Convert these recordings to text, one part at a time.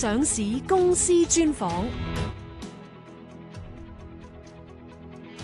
上市公司專訪。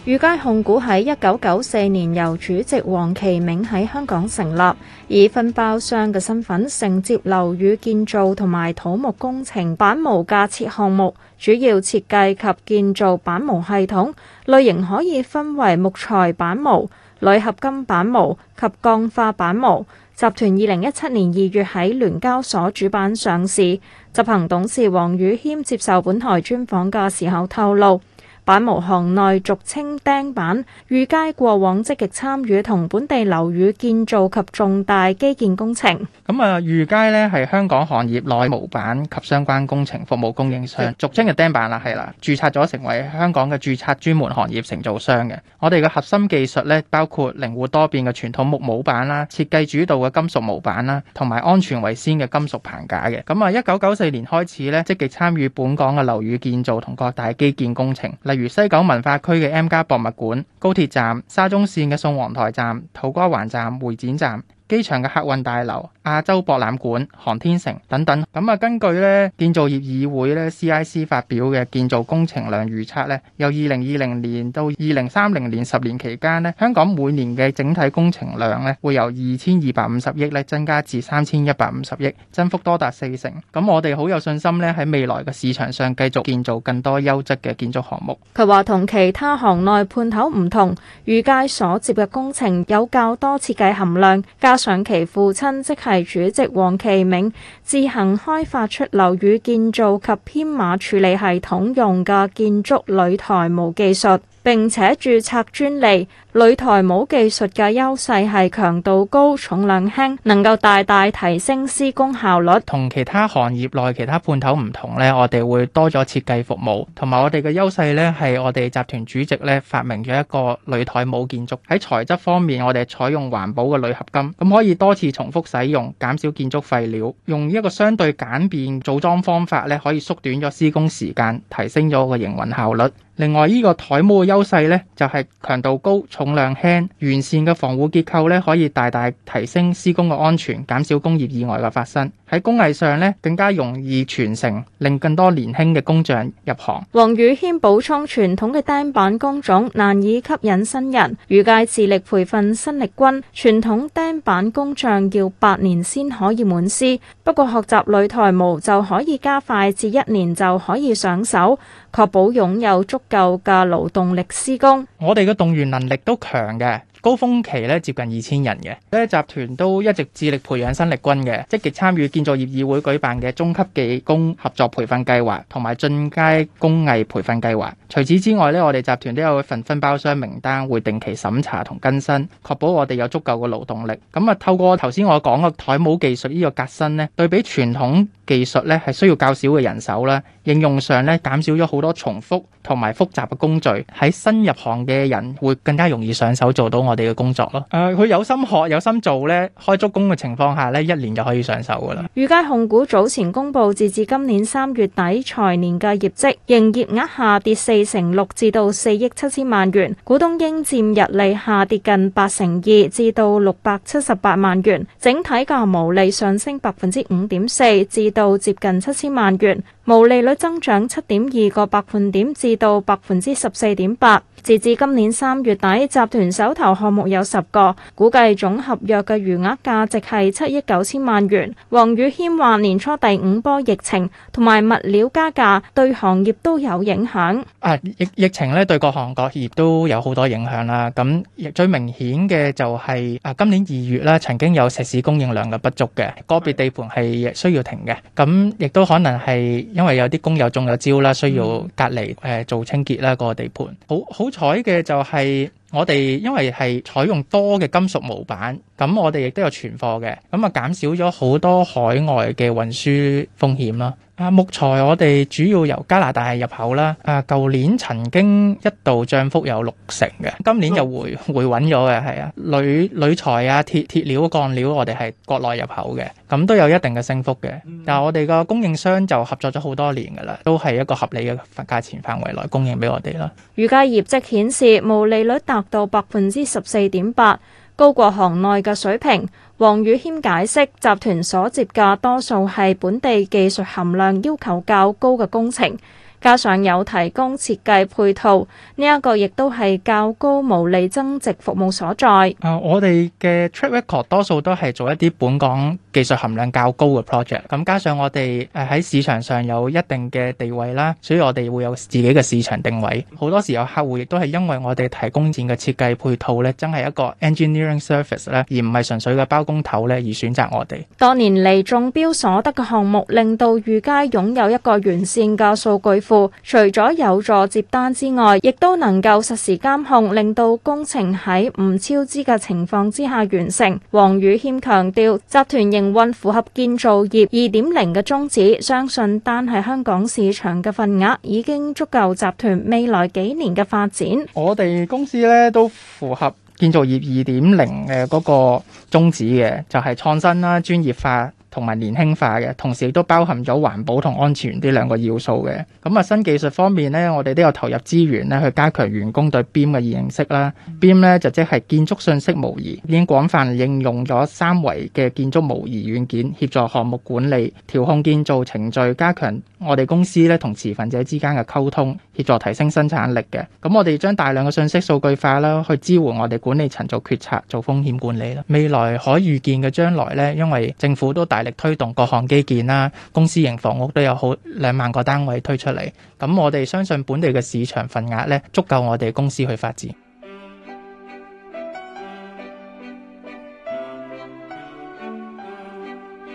御佳控股喺一九九四年由主席王其明喺香港成立，以分包商嘅身份承接樓宇建造同埋土木工程板模架設項目，主要設計及建造板模系統，類型可以分為木材板模、鋁合金板模及鋼化板模。集團二零一七年二月喺聯交所主板上市。執行董事王宇軒接受本台專訪嘅時候透露。板模行內俗稱釘板，御佳過往積極參與同本地樓宇建造及重大基建工程。咁啊，御佳呢係香港行業內模板及相關工程服務供應商，是俗稱嘅釘板啦，係啦，註冊咗成為香港嘅註冊專門行業承造商嘅。我哋嘅核心技術呢，包括靈活多變嘅傳統木模板啦，設計主導嘅金屬模板啦，同埋安全為先嘅金屬棚架嘅。咁啊，一九九四年開始呢，積極參與本港嘅樓宇建造同各大基建工程，如西九文化區嘅 M 加博物館、高鐵站、沙中線嘅宋皇台站、土瓜灣站、會展站。機場嘅客運大樓、亞洲博覽館、航天城等等，咁啊，根據咧建造業議會咧 CIC 發表嘅建造工程量預測咧，由二零二零年到二零三零年十年期間咧，香港每年嘅整體工程量咧，會由二千二百五十億咧增加至三千一百五十億，增幅多達四成。咁我哋好有信心咧，喺未來嘅市場上繼續建造更多優質嘅建築項目。佢話同其他行內判頭唔同，預計所接嘅工程有較多設計含量。較加上其父親，即係主席王其銘，自行開發出樓宇建造及編碼處理系統用嘅建築鋁台模技術。並且註冊專利，鋁台模技術嘅優勢係強度高、重量輕，能夠大大提升施工效率。同其他行業內其他判頭唔同呢，我哋會多咗設計服務，同埋我哋嘅優勢呢，係我哋集團主席呢發明咗一個鋁台模建築。喺材質方面，我哋係採用環保嘅鋁合金，咁可以多次重複使用，減少建築廢料。用一個相對簡便組裝方法呢，可以縮短咗施工時間，提升咗個營運效率。另外，呢個台模嘅優勢咧，就係強度高、重量輕、完善嘅防護結構咧，可以大大提升施工嘅安全，減少工業意外嘅發生。喺工藝上呢，更加容易傳承，令更多年輕嘅工匠入行。王宇軒補充：傳統嘅釘板工種難以吸引新人，預計致力培訓新力軍。傳統釘板工匠要八年先可以滿師，不過學習鋁台模就可以加快至一年就可以上手，確保擁有足夠嘅勞動力施工。我哋嘅動員能力都強嘅，高峰期呢接近二千人嘅。呢集團都一直致力培養新力軍嘅，積極參與建造業議會舉辦嘅中級技工合作培訓計劃同埋進階工藝培訓計劃。除此之外咧，我哋集團都有份分包商名單，會定期審查同更新，確保我哋有足夠嘅勞動力。咁啊，透過頭先我講嘅台舞技術呢個革新咧，對比傳統技術咧，係需要較少嘅人手啦。應用上咧，減少咗好多重複同埋複雜嘅工序，喺新入行嘅人會更加容易上手，做到我哋嘅工作咯。誒、呃，佢有心學有心做咧，開足工嘅情況下咧，一年就可以上手噶啦。御佳控股早前公佈截至今年三月底財年嘅業績，營業額下跌四成六，至到四億七千萬元，股東應佔溢利下跌近八成二，至到六百七十八萬元，整體嘅毛利上升百分之五點四，至到接近七千萬元。毛利率增長七點二個百分點，至到百分之十四點八。截至今年三月底，集團手頭項目有十個，估計總合約嘅餘額價，價值係七億九千萬元。王宇軒話：年初第五波疫情同埋物料加價對行業都有影響。啊，疫、疫情咧對各行各業都有好多影響啦。咁最明顯嘅就係、是、啊，今年二月咧曾經有石屎供應量嘅不足嘅個別地盤係需要停嘅，咁亦都可能係。因為有啲工友中咗招啦，需要隔離誒、呃、做清潔啦、個地盤，好好彩嘅就係、是。我哋因為係採用多嘅金屬模板，咁我哋亦都有存貨嘅，咁啊減少咗好多海外嘅運輸風險啦。啊木材我哋主要由加拿大係入口啦，啊舊年曾經一度漲幅有六成嘅，今年又回回穩咗嘅，係啊。鋁鋁材啊，鐵鐵料鋼料我哋係國內入口嘅，咁都有一定嘅升幅嘅。但係我哋個供應商就合作咗好多年㗎喇，都係一個合理嘅價價錢範圍內供應俾我哋啦。預計業績顯示毛利率達到百分之十四點八，高過行內嘅水平。王宇軒解釋，集團所接嘅多數係本地技術含量要求較高嘅工程，加上有提供設計配套，呢、這、一個亦都係較高毛利增值服務所在。呃、我哋嘅 track record 多數都係做一啲本港。技術含量較高嘅 project，咁加上我哋誒喺市場上有一定嘅地位啦，所以我哋會有自己嘅市場定位。好多時候客戶亦都係因為我哋提供住嘅設計配套咧，真係一個 engineering service 咧，而唔係純粹嘅包工頭咧，而選擇我哋。多年嚟中標所得嘅項目，令到御佳擁有一個完善嘅數據庫，除咗有助接單之外，亦都能夠實時監控，令到工程喺唔超支嘅情況之下完成。王宇軒強調，集團仍運符合建造業二點零嘅宗旨，相信單係香港市場嘅份額已經足夠集團未來幾年嘅發展。我哋公司呢都符合建造業二點零嘅嗰個宗旨嘅，就係、是、創新啦、啊，專業化。同埋年輕化嘅，同時亦都包含咗環保同安全呢兩個要素嘅。咁啊，新技術方面咧，我哋都有投入資源咧去加強員工對 BIM 嘅認識啦。BIM 咧就即係建築信息模擬，已經廣泛應用咗三維嘅建築模擬軟件，協助項目管理、調控建造程序、加強我哋公司咧同持份者之間嘅溝通，協助提升生產力嘅。咁我哋將大量嘅信息數據化啦，去支援我哋管理層做決策、做風險管理啦。未來可預見嘅將來咧，因為政府都大力推動各項基建啦，公司型房屋都有好兩萬個單位推出嚟，咁我哋相信本地嘅市場份額呢，足夠我哋公司去發展。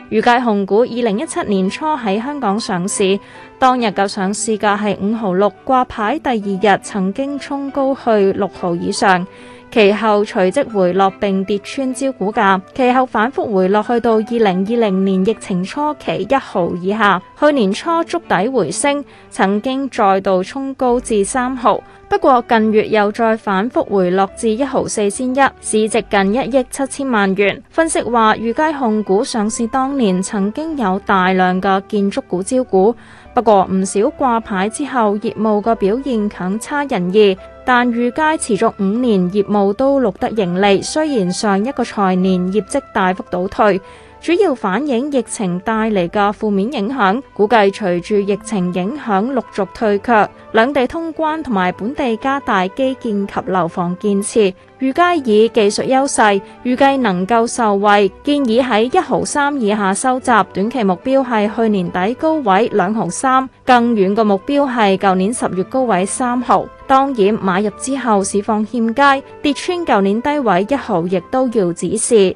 御佳控股二零一七年初喺香港上市，當日嘅上市價係五毫六，掛牌第二日曾經衝高去六毫以上。其後隨即回落並跌穿招股價，其後反覆回落去到二零二零年疫情初期一毫以下。去年初觸底回升，曾經再度衝高至三毫，不過近月又再反覆回落至一毫四仙一，市值近一億七千萬元。分析話，御佳控股上市當年曾經有大量嘅建築股招股，不過唔少掛牌之後業務嘅表現強差人意。但御佳持續五年業務都錄得盈利，雖然上一個財年業績大幅倒退。主要反映疫情帶嚟嘅負面影響，估計隨住疫情影響陸續退卻，兩地通關同埋本地加大基建及樓房建設，御佳以技術優勢，預計能夠受惠。建議喺一毫三以下收集，短期目標係去年底高位兩毫三，更遠嘅目標係舊年十月高位三毫。當然買入之後市況欠佳，跌穿舊年低位一毫，亦都要指示。